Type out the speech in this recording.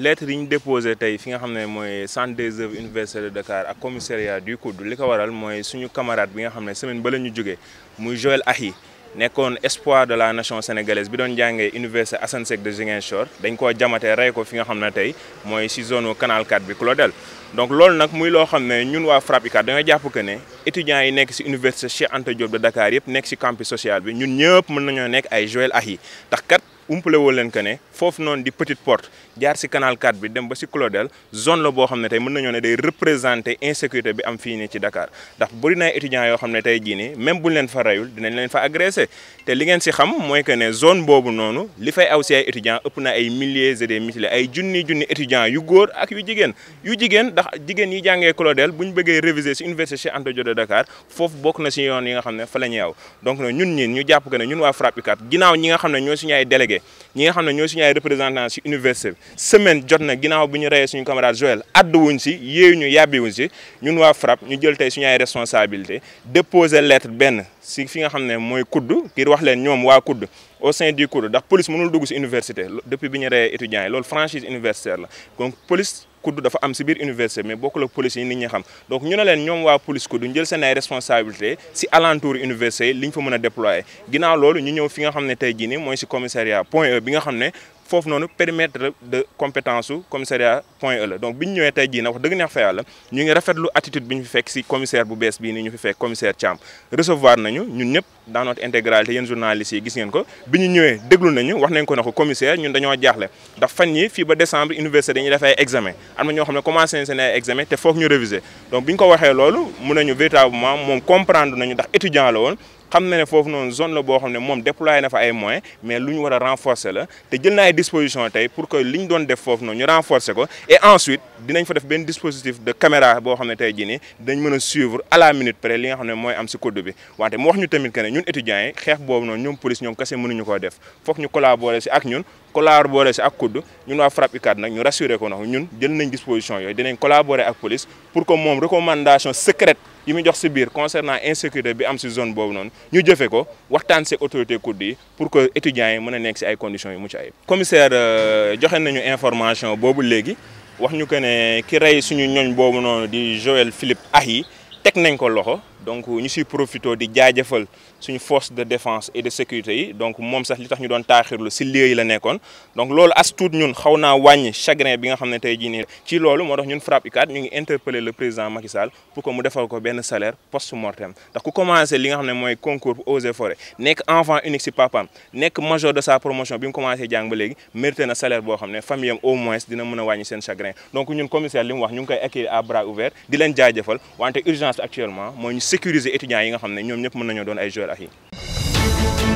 lettre yi ñu déposé tey fi nga xam ne mooy centre des œuvres universitaires de Dakar ak commissariat du COUD li ko waral mooy suñu camarade bi nga xam ne semaine ba la ñu jóge muy Joël Ahi nekkoon espoir de la nation sénégalaise bi doon jànge université Assane Seck de Ziguinchor dañ koo jamatee rey ko fi nga xam ne tey mooy si zone canal 4 bi Claudel donc loolu nag muy loo xam ne ñun waa FRAPP ICAT dañoo jàpp que ne étudiants yi nekk si université Cheikh Anta Diop de Dakar yëpp nekk si campus social bi ñun ñëpp mën nañoo nekk ay Joël Ahi ndax kat umpale woo leen que ne foofu noonu di Petite Porte jaar si canal 4 bi dem ba si Claudel zone la boo xam ne tey mën nañoo ne day représenter insécurité bi am fii nii ci Dakar ndax bëri na ay yoo xam ne tey jii nii même buñ leen fa rayul dinañ leen fa agressé te li ngeen si xam mooy que ne zone boobu noonu li fay aw si ay ëpp na ay milliers des milliers ay junni junni étudiants yu góor ak yu jigéen yu jigéen ndax jigéen ñi jàngee Claudel bu ñu bëggee réviser si université Cheikh Anta Diop Dakar foofu bokk na si yoon yi nga xam ne fa la ñuy donc ñun ñi ñu jàpp que ne ñun waa FRAPPICAT ginnaaw ñi nga xam ne ñoo suñu ay délégué ñi nga xam ne ñoo suñu ay représentant si université semaine jot na ginnaaw bi ñu reyee suñu camarade Joël adduwuñ si yéeyu ñu yàbbiwuñ si ñun waa FRAPP ñu jël tey suñu responsabilité déposer lettre benn si fi nga xam ne mooy kudd ngir wax leen ñoom waa kudd au sein du kudd ndax police dugg si université depuis bi ñu reyee étudiants yi loolu kudd dafa am si biir université mais bokk ak police yi nit ñi xam donc ñu ne leen ñoom waa police kudd ñu jël seen ay responsabilité si alentour université yi li ñu fa mën a déployer ginnaaw loolu ñu ñëw fi nga xam ne tey jii mooy si commissariat point E bi nga xam ne foofu noonu périmètre de compétence su commissariat point E la donc bi ñu ñëwee tey jii nag wax dëgg neex fa yàlla ñu ngi rafetlu attitude bi ñu fi fekk si commissaire bu bees bii nii ñu fi fekk commissaire Thiam recevoir nañu ñun ñëpp dans notre intégralité yéen journalistes yi gis ngeen ko bi ñu ñëwee déglu nañu wax nañ ko ne ko commissaire ñun dañoo jaaxle ndax fan yi fii ba décembre université dañuy def ay examen am na ñoo xam ne commencé nañ seen ay examen te foog ñu réviser donc bi ñu ko waxee loolu mun nañu véritablement ndax étudiant woon xam na ne foofu noonu zone la boo xam ne moom déployé na fa ay moyens mais lu ñu war a renforcer la te jël na ay disposition tey pour que li ñu doon def foofu noonu ñu renforcer ko et ensuite dinañ fa def benn dispositif de caméra boo xam ne tey jii nii dañ mën a suivre à la minute près li nga xam ne mooy am si code bi wante mu wax ñu tamit que ne ñun étudiants yi xeex boobu noonu ñoom police ñoom kese mënuñu koo def foog ñu collaborer si ak ñun collaborer si ak COUD ñun waa FRAPP UCAD nag ñu rassurer ko nag ñun jël nañ disposition yooyu dinañ collaborer ak police pour que moom recommandation secrète yi mu jox si biir concernant insécurité bi am si zone boobu noonu ñu jëfe ko waxtaan si autorité COUD yi pour que étudiants yi mën a nekk si ay conditions mu mucc ay commissaire euh, joxe nañu information boobu léegi wax ñu que ne ki rey suñu ñooñ boobu noonu di Joël Philippe Ahi teg nañ ko loxo. donc ñu siy profité di jaajëfal suñu force de défense et de sécurité yi donc moom sax li tax ñu doon taaxirlu si lieu yi la nekkoon donc loolu as tuut ñun xaw naa wàññi chagrin bi nga xam ne tey jii nii ci loolu moo tax ñun FRAPP le président Macky Sall pour que mu defal ko benn salaire post mortem ndax ku commencé li nga xam ne mooy concours Eaux et Forêts nekk enfant unique si papaam nekk major de sa promotion bi mu commencé jàng ba léegi mérité na salaire boo xam ne famille leen jaajëfal wante sécuriser étudiants yi nga xam ne ñoom ñëpp mën nañoo doon ay joueurs ak